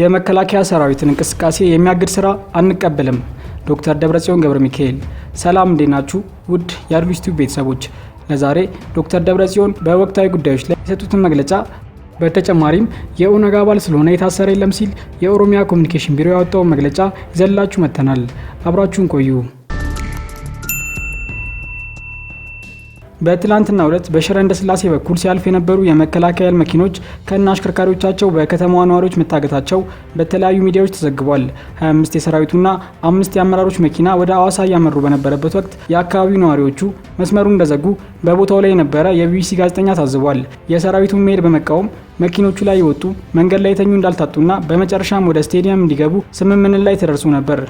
የመከላከያ ሰራዊትን እንቅስቃሴ የሚያግድ ስራ አንቀበልም። ዶክተር ደብረጽዮን ገብረ ሚካኤል። ሰላም እንዴት ናችሁ? ውድ የአድቪስቱ ቤተሰቦች ለዛሬ ዶክተር ደብረጽዮን በወቅታዊ ጉዳዮች ላይ የሰጡትን መግለጫ በተጨማሪም የኦነግ አባል ስለሆነ የታሰረ የለም ሲል የኦሮሚያ ኮሚኒኬሽን ቢሮ ያወጣውን መግለጫ ይዘላችሁ መጥተናል። አብራችሁን ቆዩ። በትላንትና ሁለት በሽረ ስላሴ በኩል ሲያልፍ የነበሩ የመከላከያ መኪኖች ከነ አሽከርካሪዎቻቸው በከተማዋ ነዋሪዎች መታገታቸው በተለያዩ ሚዲያዎች ተዘግቧል። 25 የሰራዊቱና አምስት የአመራሮች መኪና ወደ አዋሳ እያመሩ በነበረበት ወቅት የአካባቢው ነዋሪዎቹ መስመሩን እንደዘጉ በቦታው ላይ የነበረ የቢቢሲ ጋዜጠኛ ታዝቧል። የሰራዊቱን መሄድ በመቃወም መኪኖቹ ላይ የወጡ መንገድ ላይ የተኙ እንዳልታጡና በመጨረሻም ወደ ስቴዲየም እንዲገቡ ስምምነት ላይ ተደርሶ ነበር።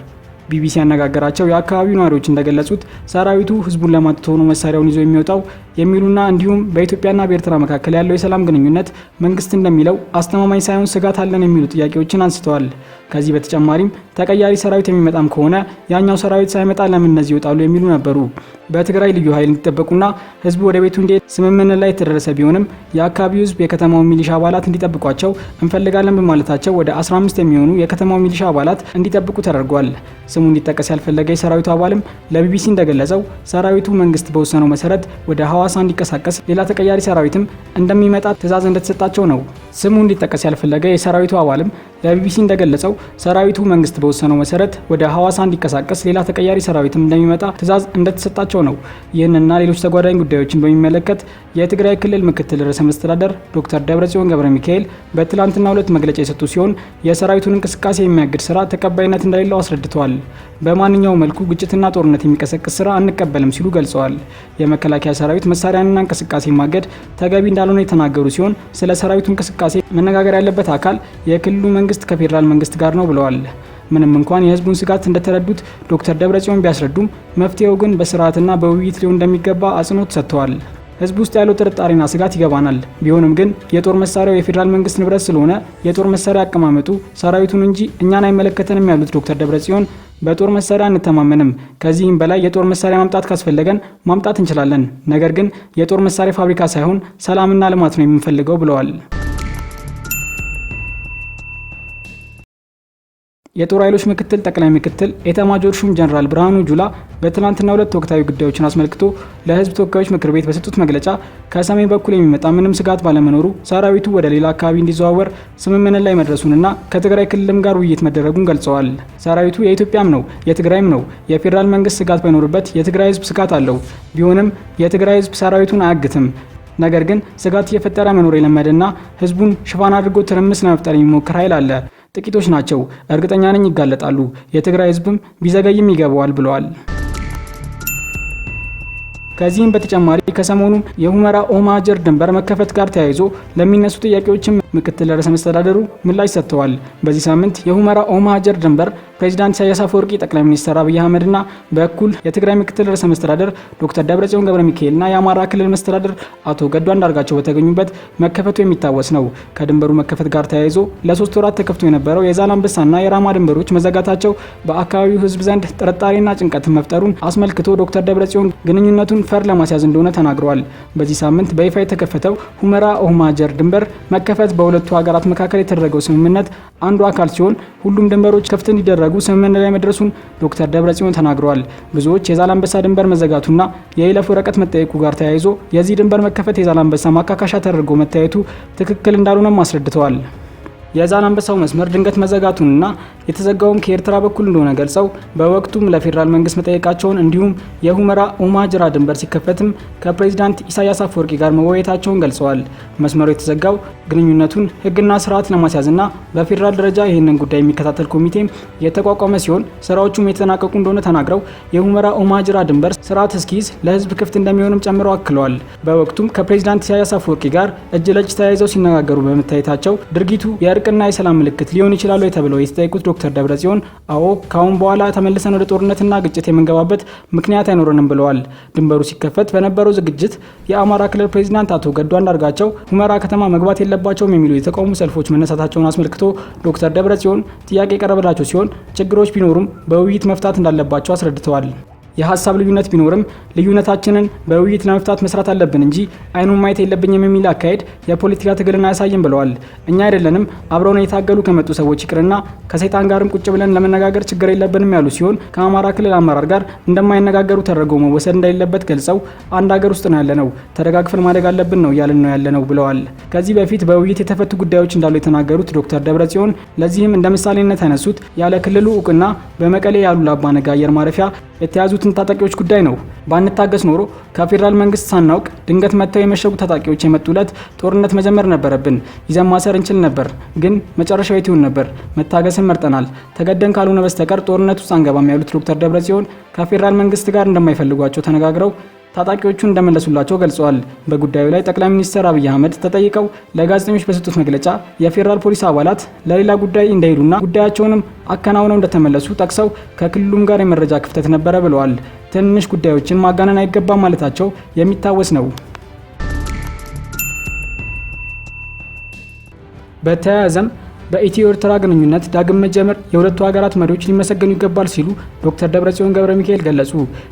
ቢቢሲ ያነጋገራቸው የአካባቢው ነዋሪዎች እንደገለጹት ሰራዊቱ ህዝቡን ለማጥቶ ሆኖ መሳሪያውን ይዞ የሚወጣው የሚሉና እንዲሁም በኢትዮጵያና በኤርትራ መካከል ያለው የሰላም ግንኙነት መንግስት እንደሚለው አስተማማኝ ሳይሆን ስጋት አለን የሚሉ ጥያቄዎችን አንስተዋል። ከዚህ በተጨማሪም ተቀያሪ ሰራዊት የሚመጣም ከሆነ ያኛው ሰራዊት ሳይመጣ ለምን እነዚህ ይወጣሉ የሚሉ ነበሩ። በትግራይ ልዩ ኃይል እንዲጠበቁና ህዝቡ ወደ ቤቱ እንዴት ስምምነት ላይ የተደረሰ ቢሆንም የአካባቢው ህዝብ የከተማው ሚሊሻ አባላት እንዲጠብቋቸው እንፈልጋለን በማለታቸው ወደ 15 የሚሆኑ የከተማው ሚሊሻ አባላት እንዲጠብቁ ተደርጓል። ስሙ እንዲጠቀስ ያልፈለገ የሰራዊቱ አባልም ለቢቢሲ እንደገለጸው ሰራዊቱ መንግስት በወሰነው መሰረት ወደ ሀዋ ሐዋሳ እንዲንቀሳቀስ ሌላ ተቀያሪ ሰራዊትም እንደሚመጣ ትዕዛዝ እንደተሰጣቸው ነው። ስሙ እንዲጠቀስ ያልፈለገ የሰራዊቱ አባልም ለቢቢሲ እንደገለጸው ሰራዊቱ መንግስት በወሰነው መሰረት ወደ ሐዋሳ እንዲንቀሳቀስ ሌላ ተቀያሪ ሰራዊትም እንደሚመጣ ትዕዛዝ እንደተሰጣቸው ነው። ይህንና ሌሎች ተጓዳኝ ጉዳዮችን በሚመለከት የትግራይ ክልል ምክትል ርዕሰ መስተዳደር ዶክተር ደብረጽዮን ገብረ ሚካኤል በትላንትና ሁለት መግለጫ የሰጡ ሲሆን የሰራዊቱን እንቅስቃሴ የሚያግድ ስራ ተቀባይነት እንደሌለው አስረድተዋል። በማንኛውም መልኩ ግጭትና ጦርነት የሚቀሰቅስ ስራ አንቀበልም ሲሉ ገልጸዋል። የመከላከያ ሰራዊት መሳሪያንና እንቅስቃሴ ማገድ ተገቢ እንዳልሆነ የተናገሩ ሲሆን ስለ ሰራዊቱ እንቅስቃሴ መነጋገር ያለበት አካል የክልሉ መንግስት ከፌዴራል መንግስት ጋር ነው ብለዋል። ምንም እንኳን የህዝቡን ስጋት እንደተረዱት ዶክተር ደብረጽዮን ቢያስረዱም መፍትሄው ግን በስርዓትና በውይይት ሊሆን እንደሚገባ አጽንኦት ሰጥተዋል። ህዝብ ውስጥ ያለው ጥርጣሬና ስጋት ይገባናል። ቢሆንም ግን የጦር መሳሪያው የፌዴራል መንግስት ንብረት ስለሆነ የጦር መሳሪያ አቀማመጡ ሰራዊቱን እንጂ እኛን አይመለከተንም ያሉት ዶክተር ደብረጽዮን በጦር መሳሪያ አንተማመንም። ከዚህም በላይ የጦር መሳሪያ ማምጣት ካስፈለገን ማምጣት እንችላለን። ነገር ግን የጦር መሳሪያ ፋብሪካ ሳይሆን ሰላምና ልማት ነው የምንፈልገው ብለዋል። የጦር ኃይሎች ምክትል ጠቅላይ ምክትል ኤታማጆር ሹም ጀነራል ብርሃኑ ጁላ በትናንትና ሁለት ወቅታዊ ጉዳዮችን አስመልክቶ ለሕዝብ ተወካዮች ምክር ቤት በሰጡት መግለጫ ከሰሜን በኩል የሚመጣ ምንም ስጋት ባለመኖሩ ሰራዊቱ ወደ ሌላ አካባቢ እንዲዘዋወር ስምምነት ላይ መድረሱንና ከትግራይ ክልልም ጋር ውይይት መደረጉን ገልጸዋል። ሰራዊቱ የኢትዮጵያም ነው የትግራይም ነው። የፌዴራል መንግስት ስጋት ባይኖርበት የትግራይ ሕዝብ ስጋት አለው። ቢሆንም የትግራይ ሕዝብ ሰራዊቱን አያግትም። ነገር ግን ስጋት እየፈጠረ መኖር የለመደና ሕዝቡን ሽፋን አድርጎ ትርምስ ለመፍጠር የሚሞክር ኃይል አለ። ጥቂቶች ናቸው። እርግጠኛ ነኝ ይጋለጣሉ። የትግራይ ህዝብም ቢዘገይም ይገባዋል ብለዋል። ከዚህም በተጨማሪ ከሰሞኑ የሁመራ ኦማጀር ድንበር መከፈት ጋር ተያይዞ ለሚነሱ ጥያቄዎችም ምክትል ርዕሰ መስተዳደሩ ምላሽ ሰጥተዋል። በዚህ ሳምንት የሁመራ ኦማ ሀጀር ድንበር ፕሬዚዳንት ኢሳያስ አፈወርቂ፣ ጠቅላይ ሚኒስትር አብይ አህመድና በኩል የትግራይ ምክትል ርዕሰ መስተዳደር ዶክተር ደብረጽዮን ገብረ ሚካኤልና የአማራ ክልል መስተዳደር አቶ ገዱ አንዳርጋቸው በተገኙበት መከፈቱ የሚታወስ ነው። ከድንበሩ መከፈት ጋር ተያይዞ ለሶስት ወራት ተከፍቶ የነበረው የዛላምበሳና የራማ ድንበሮች መዘጋታቸው በአካባቢው ህዝብ ዘንድ ጥርጣሬና ጭንቀት መፍጠሩን አስመልክቶ ዶክተር ደብረጽዮን ግንኙነቱን ፈር ለማስያዝ እንደሆነ ተናግረዋል። በዚህ ሳምንት በይፋ የተከፈተው ሁመራ ኦማጀር ድንበር መከፈት በ በሁለቱ ሀገራት መካከል የተደረገው ስምምነት አንዱ አካል ሲሆን ሁሉም ድንበሮች ክፍት እንዲደረጉ ስምምነት ላይ መድረሱን ዶክተር ደብረጽዮን ተናግረዋል። ብዙዎች የዛላንበሳ ድንበር መዘጋቱና የይለፍ ወረቀት መጠየቁ ጋር ተያይዞ የዚህ ድንበር መከፈት የዛላንበሳ ማካካሻ ተደርጎ መታየቱ ትክክል እንዳልሆነም አስረድተዋል። የዛን አንበሳው መስመር ድንገት መዘጋቱንና የተዘጋውም ከኤርትራ በኩል እንደሆነ ገልጸው በወቅቱም ለፌዴራል መንግስት መጠየቃቸውን እንዲሁም የሁመራ ኡማጅራ ድንበር ሲከፈትም ከፕሬዚዳንት ኢሳያስ አፈወርቂ ጋር መወያየታቸውን ገልጸዋል። መስመሩ የተዘጋው ግንኙነቱን ህግና ስርዓት ለማስያዝና በፌዴራል ደረጃ ይህንን ጉዳይ የሚከታተል ኮሚቴም የተቋቋመ ሲሆን ስራዎቹም የተጠናቀቁ እንደሆነ ተናግረው የሁመራ ኡማጅራ ድንበር ስርዓት እስኪይዝ ለህዝብ ክፍት እንደሚሆንም ጨምረው አክለዋል። በወቅቱም ከፕሬዚዳንት ኢሳያስ አፈወርቂ ጋር እጅ ለእጅ ተያይዘው ሲነጋገሩ በመታየታቸው ድርጊቱ የእርቅ የእርቅና የሰላም ምልክት ሊሆን ይችላሉ ተብለው የተጠየቁት ዶክተር ደብረጽዮን አዎ ካሁን በኋላ ተመልሰን ወደ ጦርነትና ግጭት የምንገባበት ምክንያት አይኖረንም ብለዋል። ድንበሩ ሲከፈት በነበረው ዝግጅት የአማራ ክልል ፕሬዚዳንት አቶ ገዱ አንዳርጋቸው ሁመራ ከተማ መግባት የለባቸውም የሚሉ የተቃውሞ ሰልፎች መነሳታቸውን አስመልክቶ ዶክተር ደብረጽዮን ጥያቄ የቀረበላቸው ሲሆን ችግሮች ቢኖሩም በውይይት መፍታት እንዳለባቸው አስረድተዋል። የሀሳብ ልዩነት ቢኖርም ልዩነታችንን በውይይት ለመፍታት መስራት አለብን እንጂ አይኑን ማየት የለብኝም የሚል አካሄድ የፖለቲካ ትግልን አያሳይም ብለዋል። እኛ አይደለንም አብረውን የታገሉ ከመጡ ሰዎች ይቅርና ከሰይጣን ጋርም ቁጭ ብለን ለመነጋገር ችግር የለብንም ያሉ ሲሆን ከአማራ ክልል አመራር ጋር እንደማይነጋገሩ ተደርገው መወሰድ እንደሌለበት ገልጸው አንድ ሀገር ውስጥ ነው ያለነው፣ ተደጋግፈን ማደግ አለብን ነው እያልን ነው ያለነው ብለዋል። ከዚህ በፊት በውይይት የተፈቱ ጉዳዮች እንዳሉ የተናገሩት ዶክተር ደብረጽዮን ለዚህም እንደ ምሳሌነት ያነሱት ያለ ክልሉ እውቅና በመቀሌ ያሉ ለአባነጋ አየር ማረፊያ የተያዙትን ታጣቂዎች ጉዳይ ነው። ባንታገስ ኖሮ ከፌዴራል መንግስት ሳናውቅ ድንገት መጥተው የመሸጉ ታጣቂዎች የመጡለት ጦርነት መጀመር ነበረብን። ይዘን ማሰር እንችል ነበር፣ ግን መጨረሻው የት ይሆን ነበር? መታገስን መርጠናል። ተገደን ካልሆነ በስተቀር ጦርነት ውስጥ አንገባም ያሉት ዶክተር ደብረ ጽዮን ከፌዴራል መንግስት ጋር እንደማይፈልጓቸው ተነጋግረው ታጣቂዎቹ እንደመለሱላቸው ገልጸዋል። በጉዳዩ ላይ ጠቅላይ ሚኒስትር አብይ አህመድ ተጠይቀው ለጋዜጠኞች በሰጡት መግለጫ የፌዴራል ፖሊስ አባላት ለሌላ ጉዳይ እንደሄዱና ጉዳያቸውንም አከናውነው እንደተመለሱ ጠቅሰው ከክልሉም ጋር የመረጃ ክፍተት ነበረ ብለዋል። ትንንሽ ጉዳዮችን ማጋነን አይገባም ማለታቸው የሚታወስ ነው። በተያያዘም በኢትዮ ኤርትራ ግንኙነት ዳግም መጀመር የሁለቱ ሀገራት መሪዎች ሊመሰገኑ ይገባል ሲሉ ዶክተር ደብረጽዮን ገብረ ሚካኤል ገለጹ።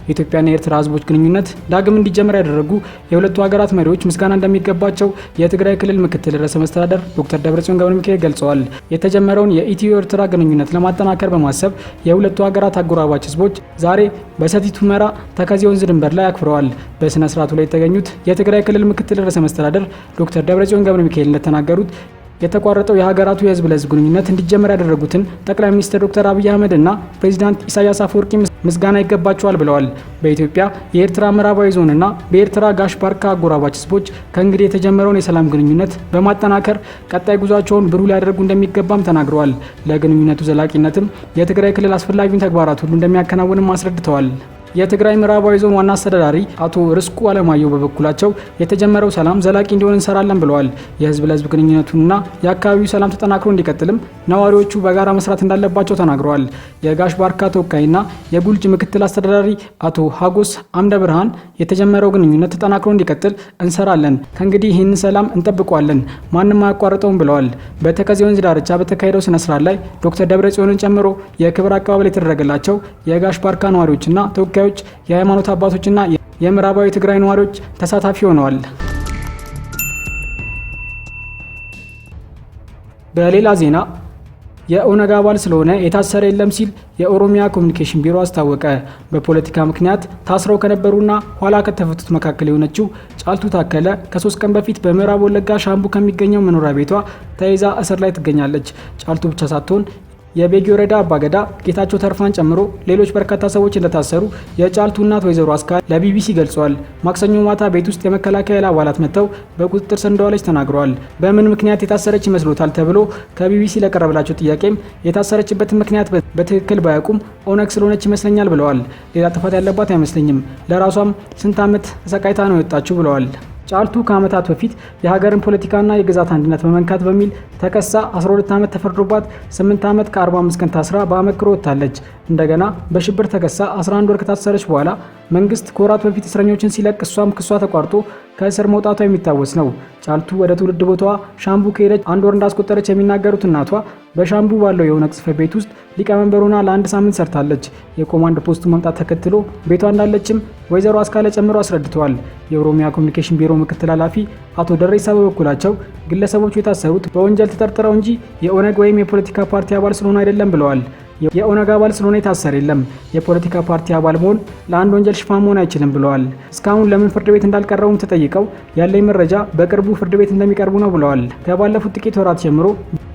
የኢትዮጵያና የኤርትራ ህዝቦች ግንኙነት ዳግም እንዲጀመር ያደረጉ የሁለቱ ሀገራት መሪዎች ምስጋና እንደሚገባቸው የትግራይ ክልል ምክትል ርዕሰ መስተዳደር ዶክተር ደብረጽዮን ገብረ ሚካኤል ገልጸዋል። የተጀመረውን የኢትዮ ኤርትራ ግንኙነት ለማጠናከር በማሰብ የሁለቱ ሀገራት አጎራባች ህዝቦች ዛሬ በሰቲት ሁመራ ተከዜ ወንዝ ድንበር ላይ አክብረዋል። በስነ ስርዓቱ ላይ የተገኙት የትግራይ ክልል ምክትል ርዕሰ መስተዳደር ዶክተር ደብረጽዮን ገብረ ሚካኤል እንደተናገሩት የተቋረጠው የሀገራቱ የህዝብ ለህዝብ ግንኙነት እንዲጀመር ያደረጉትን ጠቅላይ ሚኒስትር ዶክተር አብይ አህመድ እና ፕሬዚዳንት ኢሳያስ አፈወርቂ ምስጋና ይገባቸዋል ብለዋል። በኢትዮጵያ የኤርትራ ምዕራባዊ ዞንና በኤርትራ ጋሽ ባርካ አጎራባች ህዝቦች ከእንግዲህ የተጀመረውን የሰላም ግንኙነት በማጠናከር ቀጣይ ጉዟቸውን ብሩህ ሊያደርጉ እንደሚገባም ተናግረዋል። ለግንኙነቱ ዘላቂነትም የትግራይ ክልል አስፈላጊውን ተግባራት ሁሉ እንደሚያከናውንም አስረድተዋል። የትግራይ ምዕራባዊ ዞን ዋና አስተዳዳሪ አቶ ርስቁ አለማየሁ በበኩላቸው የተጀመረው ሰላም ዘላቂ እንዲሆን እንሰራለን ብለዋል። የህዝብ ለህዝብ ግንኙነቱንና የአካባቢው ሰላም ተጠናክሮ እንዲቀጥልም ነዋሪዎቹ በጋራ መስራት እንዳለባቸው ተናግረዋል። የጋሽ ባርካ ተወካይና የጉልጅ ምክትል አስተዳዳሪ አቶ ሀጎስ አምደ ብርሃን የተጀመረው ግንኙነት ተጠናክሮ እንዲቀጥል እንሰራለን፣ ከእንግዲህ ይህንን ሰላም እንጠብቀዋለን፣ ማንም አያቋርጠውም ብለዋል። በተከዜ ወንዝ ዳርቻ በተካሄደው ስነስርዓት ላይ ዶክተር ደብረ ጽዮንን ጨምሮ የክብር አቀባበል የተደረገላቸው የጋሽ ባርካ ነዋሪዎችና ተወካዮች ተወካዮች፣ የሃይማኖት አባቶችና የምዕራባዊ ትግራይ ነዋሪዎች ተሳታፊ ሆነዋል። በሌላ ዜና የኦነግ አባል ስለሆነ የታሰረ የለም ሲል የኦሮሚያ ኮሚኒኬሽን ቢሮ አስታወቀ። በፖለቲካ ምክንያት ታስረው ከነበሩና ኋላ ከተፈቱት መካከል የሆነችው ጫልቱ ታከለ ከሶስት ቀን በፊት በምዕራብ ወለጋ ሻምቡ ከሚገኘው መኖሪያ ቤቷ ተይዛ እስር ላይ ትገኛለች። ጫልቱ ብቻ ሳትሆን የቤጊ ወረዳ አባገዳ ጌታቸው ተርፋን ጨምሮ ሌሎች በርካታ ሰዎች እንደታሰሩ የጫልቱ እናት ወይዘሮ አስካ ለቢቢሲ ገልጸዋል። ማክሰኞ ማታ ቤት ውስጥ የመከላከያ አባላት መጥተው በቁጥጥር ስር እንደዋለች ተናግረዋል። በምን ምክንያት የታሰረች ይመስሎታል ተብሎ ከቢቢሲ ለቀረበላቸው ጥያቄም የታሰረችበትን ምክንያት በትክክል ባያውቁም ኦነግ ስለሆነች ይመስለኛል ብለዋል። ሌላ ጥፋት ያለባት አይመስለኝም። ለራሷም ስንት ዓመት ተሰቃይታ ነው የወጣችው ብለዋል። ጫልቱ ከዓመታት በፊት የሀገርን ፖለቲካና የግዛት አንድነት በመንካት በሚል ተከሳ 12 ዓመት ተፈርዶባት 8 ዓመት ከ45 ቀን ታስራ በአመክሮ ወጥታለች። እንደገና በሽብር ተከሳ 11 ወር ከታሰረች በኋላ መንግስት ከወራት በፊት እስረኞችን ሲለቅ እሷም ክሷ ተቋርጦ ከእስር መውጣቷ የሚታወስ ነው። ጫልቱ ወደ ትውልድ ቦታዋ ሻምቡ ከሄደች አንድ ወር እንዳስቆጠረች የሚናገሩት እናቷ በሻምቡ ባለው የኦነግ ጽሕፈት ቤት ውስጥ ሊቀመንበር ሆና ለአንድ ሳምንት ሰርታለች። የኮማንድ ፖስቱ መምጣት ተከትሎ ቤቷ እንዳለችም ወይዘሮ አስካለ ጨምሮ አስረድተዋል። የኦሮሚያ ኮሚኒኬሽን ቢሮ ምክትል ኃላፊ አቶ ደሬሳ በበኩላቸው ግለሰቦቹ የታሰሩት በወንጀል ተጠርጥረው እንጂ የኦነግ ወይም የፖለቲካ ፓርቲ አባል ስለሆኑ አይደለም ብለዋል። የኦነግ አባል ስለሆነ የታሰረ የለም። የፖለቲካ ፓርቲ አባል መሆን ለአንድ ወንጀል ሽፋን መሆን አይችልም ብለዋል። እስካሁን ለምን ፍርድ ቤት እንዳልቀረቡም ተጠይቀው ያለኝ መረጃ በቅርቡ ፍርድ ቤት እንደሚቀርቡ ነው ብለዋል። ከባለፉት ጥቂት ወራት ጀምሮ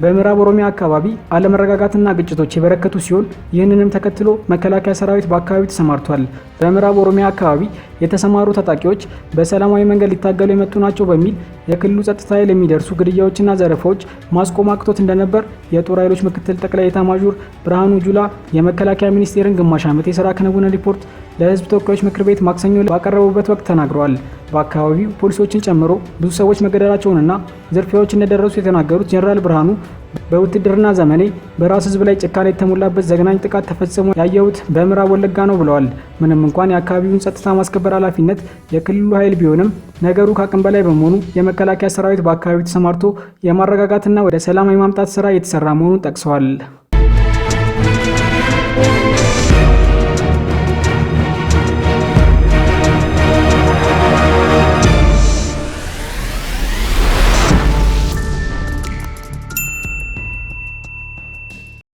በምዕራብ ኦሮሚያ አካባቢ አለመረጋጋትና ግጭቶች የበረከቱ ሲሆን ይህንንም ተከትሎ መከላከያ ሰራዊት በአካባቢው ተሰማርቷል። በምዕራብ ኦሮሚያ አካባቢ የተሰማሩ ታጣቂዎች በሰላማዊ መንገድ ሊታገሉ የመጡ ናቸው በሚል የክልሉ ጸጥታ ኃይል የሚደርሱ ግድያዎችና ዘረፋዎች ማስቆም አቅቶት እንደነበር የጦር ኃይሎች ምክትል ጠቅላይ ኤታማዦር ብርሃኑ ጁላ የመከላከያ ሚኒስቴርን ግማሽ ዓመት የስራ ክንውን ሪፖርት ለህዝብ ተወካዮች ምክር ቤት ማክሰኞ ባቀረቡበት ወቅት ተናግረዋል። በአካባቢው ፖሊሶችን ጨምሮ ብዙ ሰዎች መገደላቸውንና ዝርፊያዎች እንደደረሱ የተናገሩት ጀነራል ብርሃኑ በውትድርና ዘመኔ በራስ ህዝብ ላይ ጭካኔ የተሞላበት ዘግናኝ ጥቃት ተፈጽሞ ያየሁት በምዕራብ ወለጋ ነው ብለዋል። ምንም እንኳን የአካባቢውን ጸጥታ ማስከበር ኃላፊነት የክልሉ ኃይል ቢሆንም ነገሩ ከአቅም በላይ በመሆኑ የመከላከያ ሰራዊት በአካባቢው ተሰማርቶ የማረጋጋትና ወደ ሰላም የማምጣት ስራ እየተሰራ መሆኑን ጠቅሰዋል።